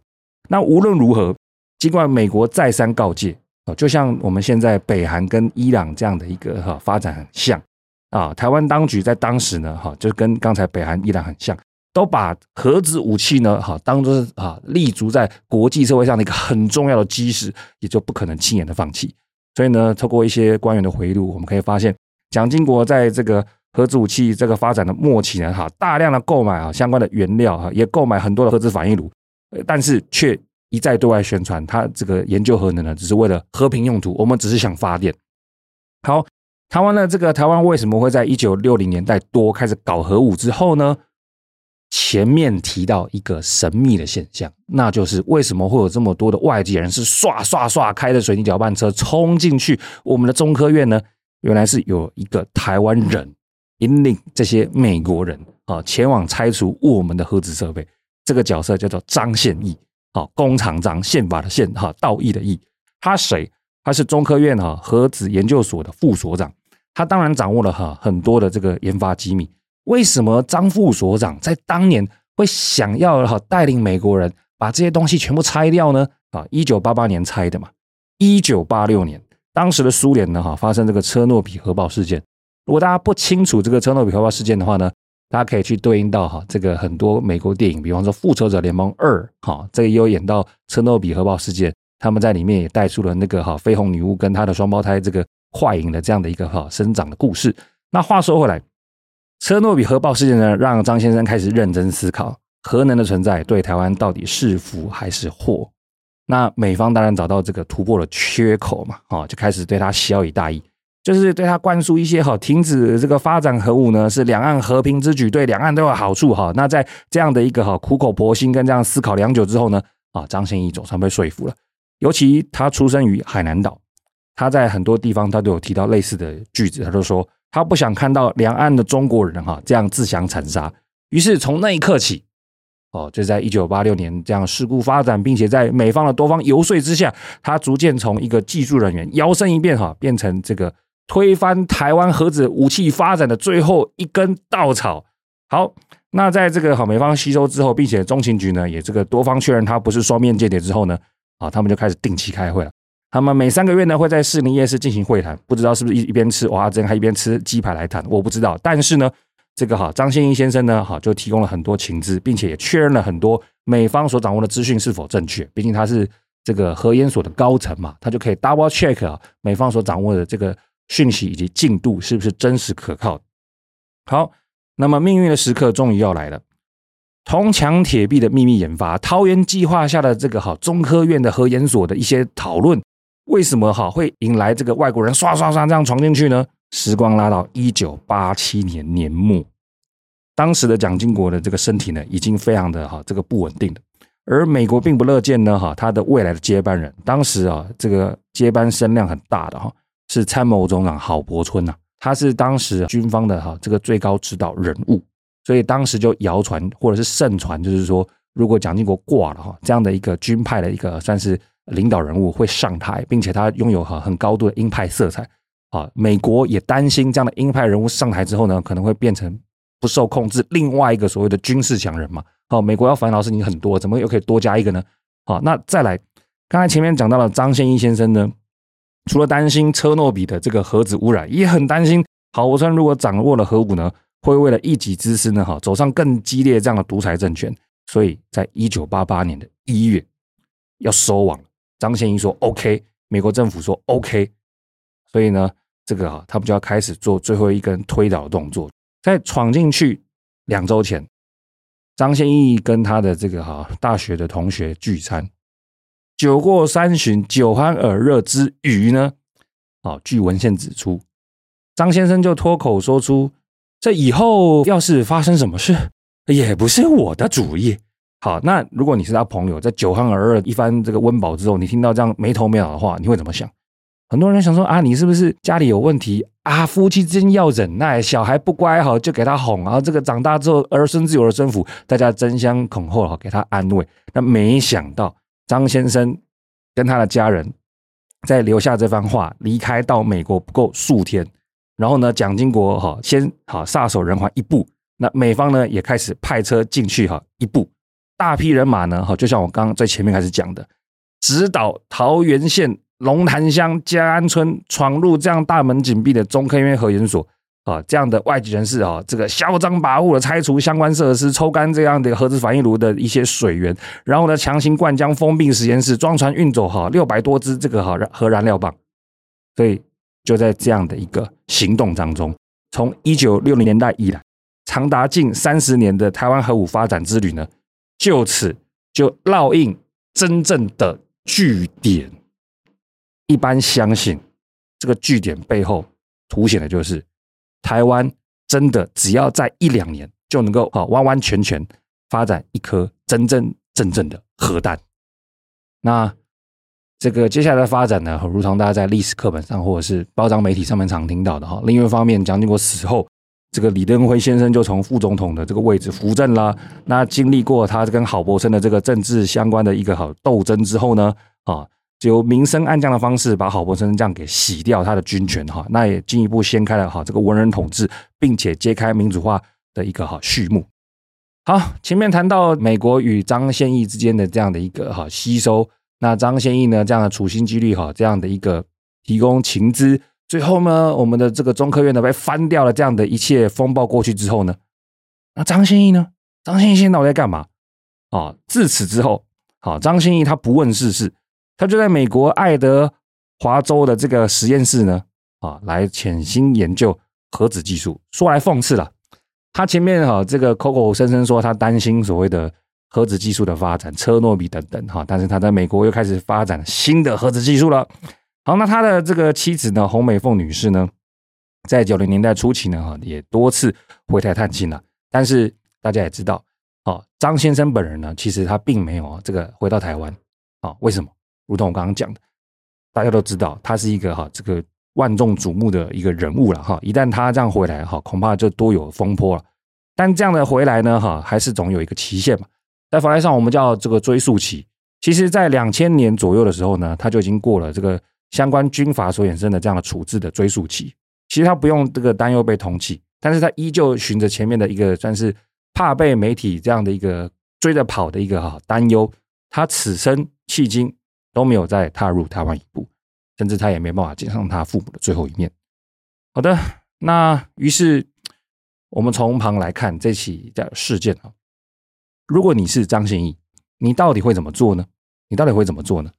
[SPEAKER 1] 那無論如何，儘管美國再三告誡，啊，就像我們現在北韓跟伊朗這樣的一個哈發展很像啊，台灣當局在當時呢，哈就跟剛才北韓、伊朗很像，都把核子武器呢哈當做是哈，立足在國際社會上的一個很重要的基石，也就不可能輕言的放棄。所以呢，透過一些官員的回憶錄，我們可以發現，蔣經國在這個。核子武器這個發展的末期呢，哈，大量的購買啊相關的原料哈、啊，也購買很多的核子反應爐，但是卻一再對外宣傳，他這個研究核能呢只是為了和平用途，我們只是想發電。好，台灣呢這個台灣為什麼會在一九六零年代多開始搞核武之後呢？前面提到一個神秘的現象，那就是為什麼會有這麼多的外籍人士唰唰唰開著水泥攪拌車衝進去我們的中科院呢？原來是有一個台灣人，引領這些美國人啊前往拆除我們的核子設備，這個角色叫做張憲義，啊，弓長張，憲法的憲哈，道義的義，他誰？他是中科院哈核子研究所的副所長，他當然掌握了哈很多的這個研發機密。為什麼張副所長在當年會想要哈帶領美國人把這些東西全部拆掉呢？啊，一九八八年拆的嘛，一九八六年，當時的蘇聯呢哈發生這個車諾比核爆事件。如果大家不清楚這個車諾比核爆事件的話呢，大家可以去對應到哈這個很多美國電影，比方說《復仇者聯盟二》哈，這個也有演到車諾比核爆事件，他們在裡面也帶出了那個哈緋紅女巫跟她的雙胞胎這個快銀的這樣的一個哈生長的故事。那話說回來，車諾比核爆事件呢，讓張先生開始認真思考核能的存在對台灣到底是福還是禍。那美方當然找到這個突破的缺口嘛，哦，就開始對他曉以大義。就是對他灌輸一些哈，停止這個發展核武呢，是兩岸和平之舉，對兩岸都有好處哈。那在這樣的一個哈苦口婆心跟這樣思考良久之後呢，啊，張憲義總算被說服了。尤其他出生於海南島，他在很多地方他都有提到類似的句子，他就說他不想看到兩岸的中國人哈、啊、這樣自相殘殺。於是從那一刻起，哦、啊，就在一九八六年這樣事故發展，並且在美方的多方遊說之下，他逐漸從一個技術人員搖身一變哈、啊，變成這個。推翻台灣核子武器發展的最後一根稻草。好，那在這個美方吸收之後，並且中情局呢也這個多方確認他不是雙面間諜之後呢，啊，他們就開始定期開會了。他們每三個月呢會在士林夜市進行會談，不知道是不是一一邊吃蚵仔煎還一邊吃雞排來談，我不知道。但是呢，這個哈張憲義先生呢，哈就提供了很多情資，並且也確認了很多美方所掌握的資訊是否正確。畢竟他是這個核研所的高層嘛，他就可以 double check 啊美方所掌握的這個。訊息以及進度是不是真實可靠？好，那麼命運的時刻終於要來了。銅牆鐵壁的秘密研發，桃園計劃下的這個哈，中科院的核研所的一些討論，為什麼哈會引來這個外國人刷刷刷這樣闖進去呢？時光拉到一九八七年年末，當時的蔣經國的這個身體呢已經非常的哈這個不穩定的，而美國並不樂見呢哈他的未來的接班人，當時啊這個接班聲量很大的哈。是參謀總長郝柏村吶，他是當時軍方的哈這個最高指導人物，所以當時就謠傳或者是盛傳，就是說如果蔣經國掛了哈，這樣的一個軍派的一個算是領導人物會上台，並且他擁有很很高度的鷹派色彩啊。美國也擔心這樣的鷹派人物上台之後呢，可能會變成不受控制，另外一個所謂的軍事強人嘛。好，美國要煩惱的事情很多，怎麼又可以多加一個呢？好，那再來，剛才前面講到了張憲義先生呢。除了擔心車諾比的這個核子污染，也很擔心郝柏村如果掌握了核武呢，會為了一己之私呢，哈，走上更激烈這樣的獨裁政權。所以在一九八八年的一月，要收網了。張憲義說 OK，美國政府說 OK，所以呢，這個哈，他們就要開始做最後一根推倒的動作，在闖進去兩周前，張憲義跟他的這個哈大學的同學聚餐。酒過三巡，酒酣耳熱之餘呢，啊，據文獻指出，張先生就脫口說出：“這以後要是發生什麼事，也不是我的主意。”好，那如果你是他朋友，在酒酣耳熱一番這個溫飽之後，你聽到這樣沒頭沒腦的話，你會怎麼想？很多人想說：“啊，你是不是家裡有問題啊？夫妻之間要忍耐，小孩不乖哈，就給他哄，然後這個長大之後兒孫自有兒孫福，大家爭相恐後哈給他安慰。”那沒想到。張先生跟他的家人在留下這番話，離開到美國不夠數天，然後呢，蔣經國哈先哈撒手人寰一步，那美方呢也開始派車進去哈一步，大批人馬呢哈，就像我剛剛在前面開始講的，直搗桃園縣龍潭鄉佳安村，闖入這樣大門緊閉的中科院核研所。啊，這樣的外籍人士啊，這個囂張跋扈的拆除相關設施，抽乾這樣的一個核子反應爐的一些水源，然後呢，強行灌漿封閉實驗室，裝船運走哈六百多支這個哈、啊、核燃料棒，所以就在這樣的一個行動當中，從一九六零年代以來，長達近三十年的台灣核武發展之旅呢，就此就烙印真正的據點。一般相信，這個據點背後凸顯的就是。台灣真的只要在一兩年就能夠完完全全發展一顆真真正正的核彈。那這個接下來的發展呢，如同大家在歷史課本上或者是報章媒體上面常聽到的哈。另一方面，蔣經國死後，這個李登輝先生就從副總統的這個位置扶正了。那經歷過他跟郝柏村的這個政治相關的一個好鬥爭之後呢，啊。就用明升暗降的方式把郝柏村這樣給洗掉他的軍權哈、哦，那也進一步掀開了哈這個文人統治，並且揭開民主化的一個哈序幕。好，前面談到美國與張憲義之間的這樣的一個哈吸收，那張憲義呢這樣的處心積慮哈這樣的一個提供情資，最後呢我們的這個中科院呢被翻掉了，這樣的一切風暴過去之後呢，那張憲義呢，張憲義現在我在幹嘛啊？自此之後，好，張憲義他不問世事。他就在美國愛德華州的這個實驗室呢，啊，來潛心研究核子技術。說來諷刺了，他前面哈這個口口聲聲說他擔心所謂的核子技術的發展，車諾比等等哈，但是他在美國又開始發展新的核子技術了。好，那他的這個妻子呢，洪美鳳女士呢，在九零年代初期呢，哈，也多次回台探親了。但是大家也知道，哦，張先生本人呢，其實他並沒有這個回到台灣啊，為什麼？如同我剛剛講的，大家都知道他是一個哈這個萬眾矚目的一個人物了哈。一旦他這樣回來哈，恐怕就多有風波了。但這樣的回來呢，哈，還是總有一個期限嘛。在法律上，我們叫這個追訴期。其實，在兩千年左右的時候呢，他就已經過了這個相關軍法所衍生的這樣的處置的追訴期。其實他不用這個擔憂被通緝，但是他依舊循着前面的一個，算是怕被媒體這樣的一個追着跑的一個哈擔憂。他此生迄今。都沒有再踏入台灣一步，甚至他也沒辦法見上他父母的最後一面。好的，那於是我們從旁來看這起的事件啊。如果你是張憲義，你到底會怎麼做呢？你到底會怎麼做呢？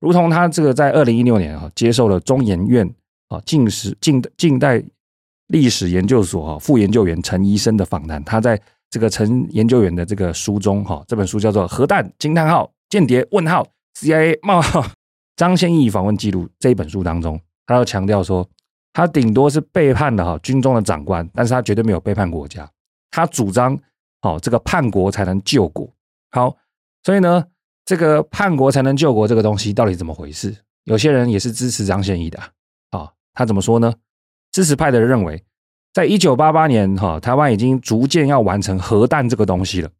[SPEAKER 1] 如同他這個在二零一六年啊，接受了中研院啊近史近近代歷史研究所副研究員陳儀深的訪談，他在這個陳研究員的這個書中哈，這本書叫做《核彈驚嘆號間諜問號》。CIA 冒張憲義訪問記錄這一本書當中，他要強調說，他頂多是背叛了哈軍中的長官，但是他絕對沒有背叛國家。他主張，好，這個叛國才能救國。好，所以呢，這個叛國才能救國這個東西到底怎麼回事？有些人也是支持張憲義的啊。好，他怎麼說呢？支持派的人認為，在一九八八年哈台灣已經逐漸要完成核彈這個東西了，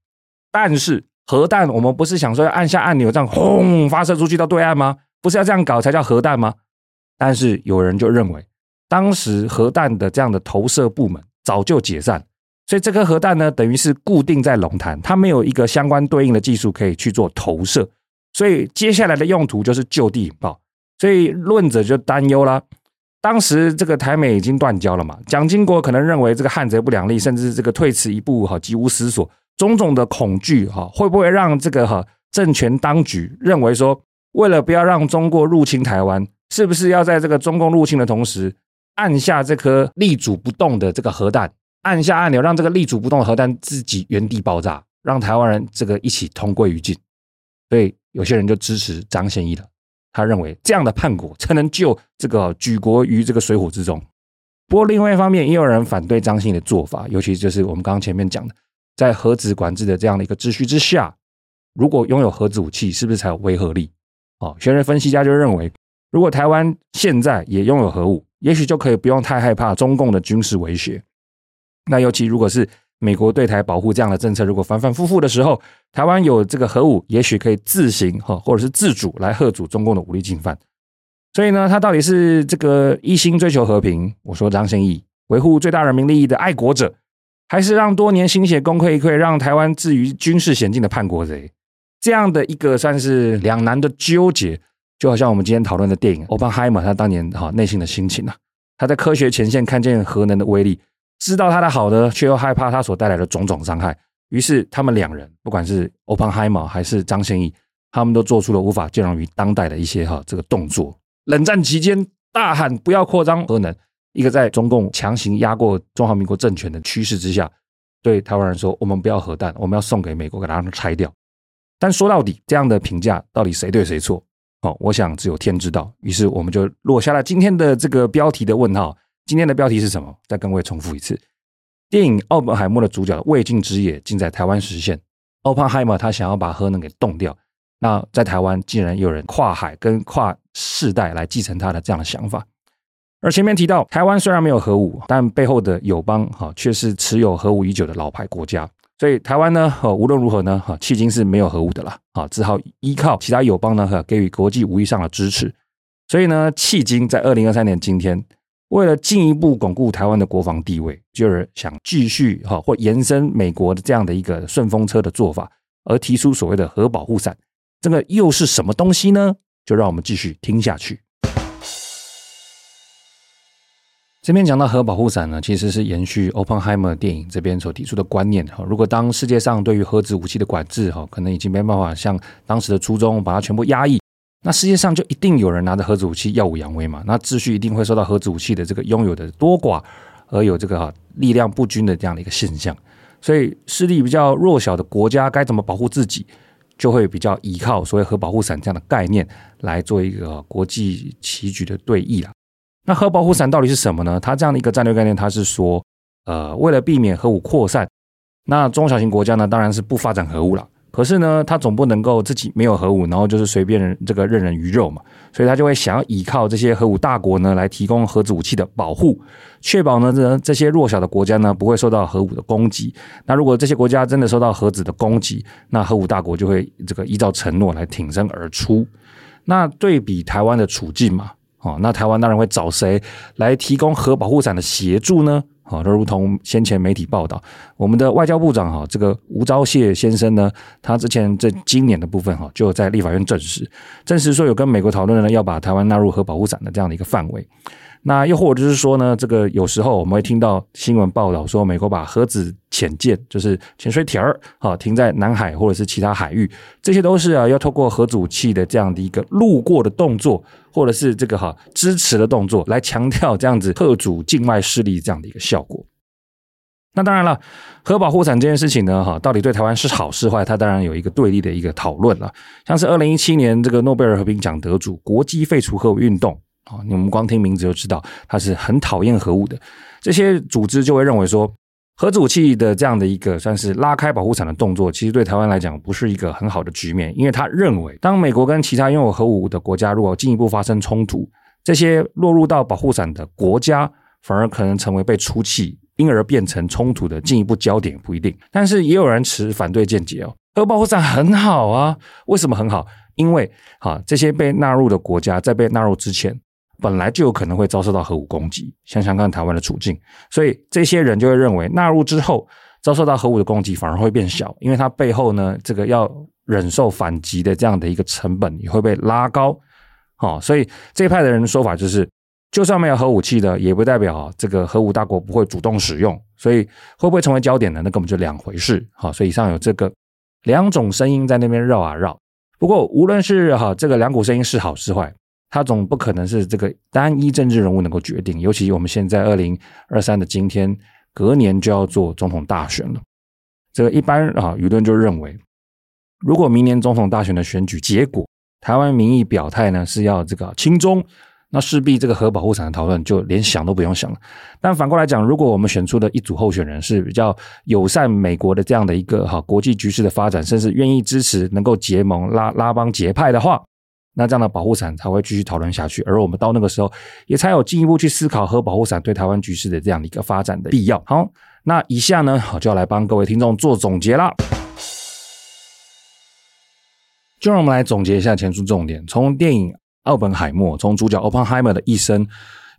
[SPEAKER 1] 但是核彈，我們不是想說要按下按鈕這樣轟發射出去到對岸嗎？不是要這樣搞才叫核彈嗎？但是有人就認為，當時核彈的這樣的投射部門早就解散，所以這顆核彈呢，等於是固定在龍潭，它沒有一個相關對應的技術可以去做投射，所以接下來的用途就是就地引爆。所以論者就擔憂啦。當時這個台美已經斷交了嘛？蔣經國可能認為這個漢賊不兩立，甚至這個退此一步，哈，即無死所。種種的恐懼，哈，會不會讓這個哈政權當局認為說，為了不要讓中國入侵台灣，是不是要在這個中共入侵的同時按下這顆立足不動的這個核彈，按下按鈕讓這個立足不動的核彈自己原地爆炸，讓台灣人這個一起同歸於盡？所以有些人就支持張憲義的，他認為這樣的叛國才能救這個舉國於這個水火之中。不過另外一方面，也有人反對張憲義的做法，尤其就是我們剛剛前面講的。在核子管制的這樣的一個秩序之下，如果擁有核子武器，是不是才有威懾力？哦，學人分析家就認為，如果台灣現在也擁有核武，也許就可以不用太害怕中共的軍事威脅。那尤其如果是美國對台保護這樣的政策，如果反反复复的時候，台灣有這個核武，也許可以自行哈，或者是自主來嚇阻中共的武力進犯。所以呢，他到底是這個一心追求和平、我說張歆藝，維護最大人民利益的愛國者，還是讓多年心血功虧一簣，讓台灣置於軍事險境的叛國賊。這樣的一個算是兩難的糾結，就好像我們今天討論的電影《奧本海默》，他當年哈內心的心情啊。他在科學前線看見核能的威力，知道它的好的，卻又害怕它所帶來的種種傷害。於是他們兩人，不管是奧本海默還是張憲義，他們都做出了無法見容於當代的一些哈這個動作。冷戰期間，大喊不要擴張核能。一個在中共強行壓過中華民國政權的趨勢之下，對台灣人說：“我們不要核彈，我們要送給美國，給它拆掉。”但說到底，這樣的評價到底誰對誰錯？哦，我想只有天知道。於是我們就落下了今天的這個標題的問號。今天的標題是什麼？再跟各位重複一次：電影《奧本海默》的主角未竟之業竟在台灣實現。奧本海默他想要把核能給凍掉，那在台灣竟然有人跨海跟跨世代來繼承他的這樣的想法。而前面提到，台灣雖然沒有核武，但背後的友邦哈卻、啊、是持有核武已久的老牌國家，所以台灣呢，哈、啊、無論如何呢，哈、啊、迄今是沒有核武的啦，哈、啊、只好依靠其他友邦呢、啊、給予國際武力上的支持。所以呢，迄今在二零二三年今天，為了進一步鞏固台灣的國防地位，就是想繼續哈、啊、或延伸美國的這樣的一個順風車的做法，而提出所謂的核保護傘，這個又是什麼東西呢？就讓我們繼續聽下去。前面講到核保護傘呢，其實是延續 Oppenheimer 電影這邊所提出的觀念。哈，如果當世界上對於核子武器的管制，哈，可能已經沒辦法像當時的初衷把它全部壓抑，那世界上就一定有人拿着核子武器耀武揚威嘛？那秩序一定會受到核子武器的這個擁有的多寡而有這個力量不均的這樣的一個現象。所以，勢力比較弱小的國家該怎麼保護自己，就會比較依靠所謂核保護傘這樣的概念來做一個國際棋局的對弈了。那核保護傘到底是什麼呢？它這樣的一個戰略概念，它是說，呃，為了避免核武擴散，那中小型國家呢，當然是不發展核武了。可是呢，它總不能夠自己沒有核武，然後就是隨便人這個任人魚肉嘛。所以它就會想要依靠這些核武大國呢，來提供核子武器的保護，確保呢這這些弱小的國家呢不會受到核武的攻擊。那如果這些國家真的受到核子的攻擊，那核武大國就會這個依照承諾來挺身而出。那對比台灣的處境嘛。哦，那台灣當然會找誰來提供核保護傘的協助呢？哦，就如同先前媒體報道我們的外交部長哈這個吳釗燮先生呢，他之前在今年的部分哈就在立法院證實，證實說有跟美國討論呢，要把台灣納入核保護傘的這樣的一個範圍。那又或者就是說呢，這個有時候我們會聽到新聞報道說，美國把核子潛艦，就是潛水艇兒，哈，停在南海或者是其他海域，這些都是啊要透過核武器的這樣的一個路過的動作，或者是這個哈支持的動作，來強調這樣子嚇阻境外勢力這樣的一個效果。那當然了，核保護傘這件事情呢，哈到底對台灣是好是壞，它當然有一個對立的一個討論了。像是二零一七年這個諾貝爾和平獎得主國際廢除核武運動。啊！你們光聽名字就知道他是很討厭核武的。這些組織就會認為說，核武器的這樣的一個算是拉開保護傘的動作，其實對台灣來講不是一個很好的局面，因為他認為，當美國跟其他擁有核武的國家如果進一步發生衝突，這些落入到保護傘的國家反而可能成為被出氣，因而變成衝突的進一步焦點，不一定。但是也有人持反對見解哦，核保護傘很好啊，為什麼很好？因為啊，這些被納入的國家在被納入之前。本來就有可能會遭受到核武攻擊，想想看台灣的處境，所以這些人就會認為，納入之後遭受到核武的攻擊反而會變小，因為它背後呢，這個要忍受反擊的這樣的一個成本也會被拉高，好、哦，所以這一派的人的說法就是，就算沒有核武器的，也不代表這個核武大國不會主動使用，所以會不會成為焦點呢？那根本就兩回事，好、哦，所以以上有這個兩種聲音在那邊繞啊繞，不過無論是哈這個兩股聲音是好是壞。他總不可能是這個單一政治人物能夠決定，尤其我們現在二零二三的今天，隔年就要做總統大選了。這個一般啊、哦，輿論就認為，如果明年總統大選的選舉結果，台灣民意表態呢是要這個親中，那勢必這個核保護傘的討論就連想都不用想了。但反過來講，如果我們選出的一組候選人是比較友善美國的這樣的一個哈、哦、國際局勢的發展，甚至願意支持能夠結盟拉拉幫結派的話。那這樣的保護傘才會繼續討論下去，而我們到那個時候也才有進一步去思考核保護傘對台灣局勢的這樣的一個發展的必要。好，那以下呢，我就要來幫各位聽眾做總結了。 就讓我們來總結一下前述重點：從電影《奧本海默》，從主角奧本海默的一生，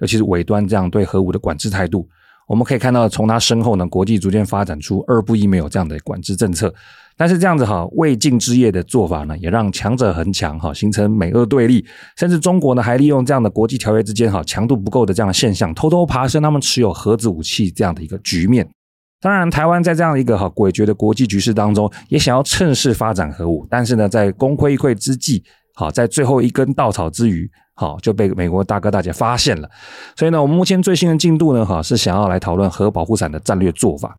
[SPEAKER 1] 尤其是尾端這樣對核武的管制態度。我們可以看到，從他身後呢，國際逐漸發展出二不一沒有這樣的管制政策。但是這樣子哈，未竟之業的做法呢，也讓強者恆強哈，形成美俄對立。甚至中國呢，還利用這樣的國際條約之間哈，強度不夠的這樣的現象，偷偷爬升他們持有核子武器這樣的一個局面。當然，台灣在這樣一個哈詭譎的國際局勢當中，也想要趁勢發展核武。但是呢，在功虧一簣之際。好，在最後一根稻草之餘，好就被美國大哥大姐發現了。所以呢，我們目前最新的進度呢，好，是想要來討論核保護傘的戰略做法。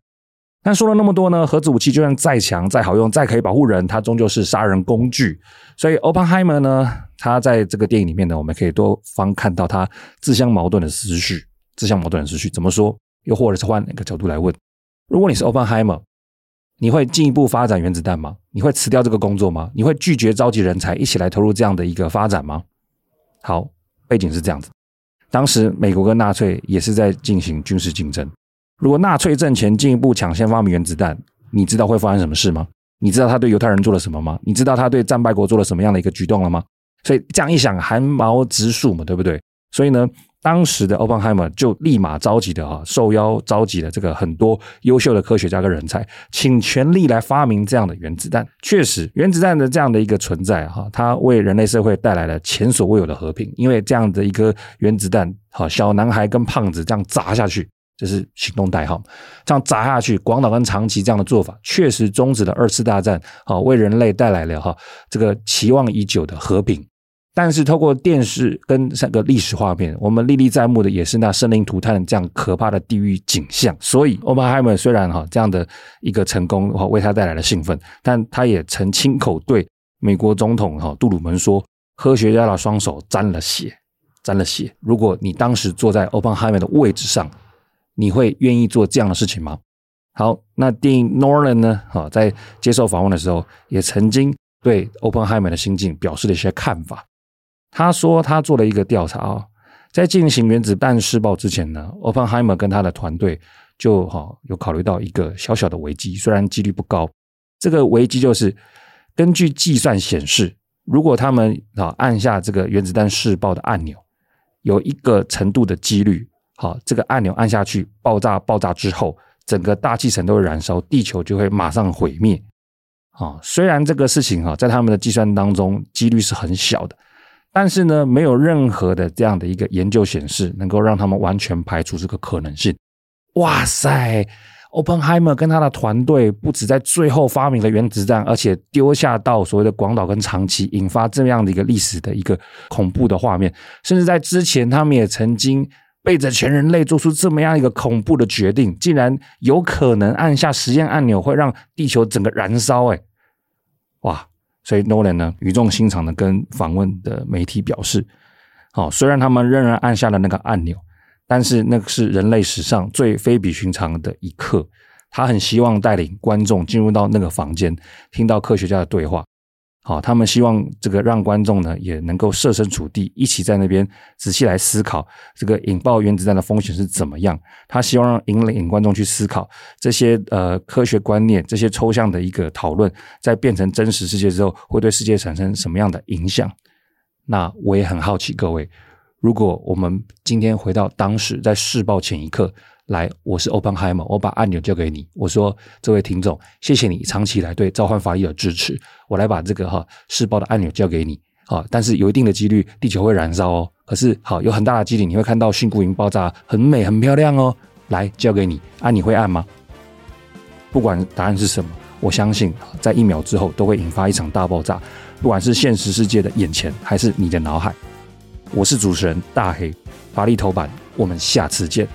[SPEAKER 1] 那說了那麼多呢，核子武器就算再強、再好用、再可以保護人，它終究是殺人工具。所以，Oppenheimer 呢，他在這個電影裡面呢，我們可以多方看到他自相矛盾的思緒，自相矛盾的思緒怎麼說？又或者是換一個角度來問：如果你是 Oppenheimer？你會進一步發展原子彈嗎？你會辭掉這個工作嗎？你會拒絕召集人才一起來投入這樣的一個發展嗎？好，背景是這樣子，當時美國跟納粹也是在進行軍事競爭。如果納粹政權進一步搶先發明原子彈，你知道會發生什麼事嗎？你知道他對猶太人做了什麼嗎？你知道他對戰敗國做了什麼樣的一個舉動了嗎？所以這樣一想，寒毛直豎嘛，對不對？所以呢？當時的 Oppenheimer 就立馬召集的哈，受邀召集了這個很多優秀的科學家跟人才，請全力來發明這樣的原子彈。確實，原子彈的這樣的一個存在哈，它為人類社會帶來了前所未有的和平。因為這樣的一顆原子彈，哈，小男孩跟胖子這樣砸下去，這是行動代號，這樣砸下去，廣島跟長崎這樣的做法，確實終止了二次大戰，啊，為人類帶來了哈這個期望已久的和平。但是透過電視跟三個歷史畫面，我們歷歷在目的也是那生靈塗炭這樣可怕的地獄景象。所以 Oppenheimer 雖然哈這樣的一個成功哈為他帶來了興奮，但他也曾親口對美國總統哈杜魯門說：“科學家的雙手沾了血，沾了血。”如果你當時坐在 Oppenheimer 的位置上，你會願意做這樣的事情嗎？好，那電影諾蘭呢？哈在接受訪問的時候，也曾經對 Oppenheimer 的心境表示了一些看法。他說，他做了一個調查啊，在進行原子彈試爆之前呢，Oppenheimer 跟他的團隊就好有考慮到一個小小的危機，雖然幾率不高。這個危機就是根據計算顯示，如果他們啊按下這個原子彈試爆的按鈕，有一個程度的幾率，好，這個按鈕按下去爆炸，爆炸之後，整個大氣層都會燃燒，地球就會馬上毀滅。啊，雖然這個事情啊，在他們的計算當中，幾率是很小的。但是呢，沒有任何的這樣的一個研究顯示能夠讓他們完全排除這個可能性。哇塞，Oppenheimer 跟他的團隊不止在最後發明了原子彈，而且丟下到所謂的廣島跟長崎，引發這樣的一個歷史的一個恐怖的畫面。甚至在之前，他們也曾經背着全人類做出這麼樣一個恐怖的決定，竟然有可能按下實驗按鈕，會讓地球整個燃燒。哎，哇！所以諾蘭呢，語重心長的跟訪問的媒體表示，好、哦，雖然他們仍然按下了那個按鈕，但是那個是人類史上最非比尋常的一刻。他很希望帶領觀眾進入到那個房間，聽到科學家的對話。好，他們希望這個讓觀眾呢也能夠設身處地，一起在那邊仔細來思考這個引爆原子彈的風險是怎麼樣。他希望讓引領觀眾去思考這些呃科學觀念、這些抽象的一個討論，在變成真實世界之後，會對世界產生什麼樣的影響？那我也很好奇，各位，如果我們今天回到當時在試爆前一刻。來，我是 Oppenheimer，我把按鈕交給你。我說，這位聽眾，謝謝你長期以來對召喚法醫的支持。我來把這個哈試爆的按鈕交給你啊，但是有一定的幾率地球會燃燒哦。可是好，有很大的幾率你會看到蕈菇雲爆炸，很美很漂亮哦。來，交給你，啊，你會按嗎？不管答案是什麼，我相信在一秒之後都會引發一場大爆炸，不管是現實世界的眼前還是你的腦海。我是主持人大黑，法歷頭版，我們下次見。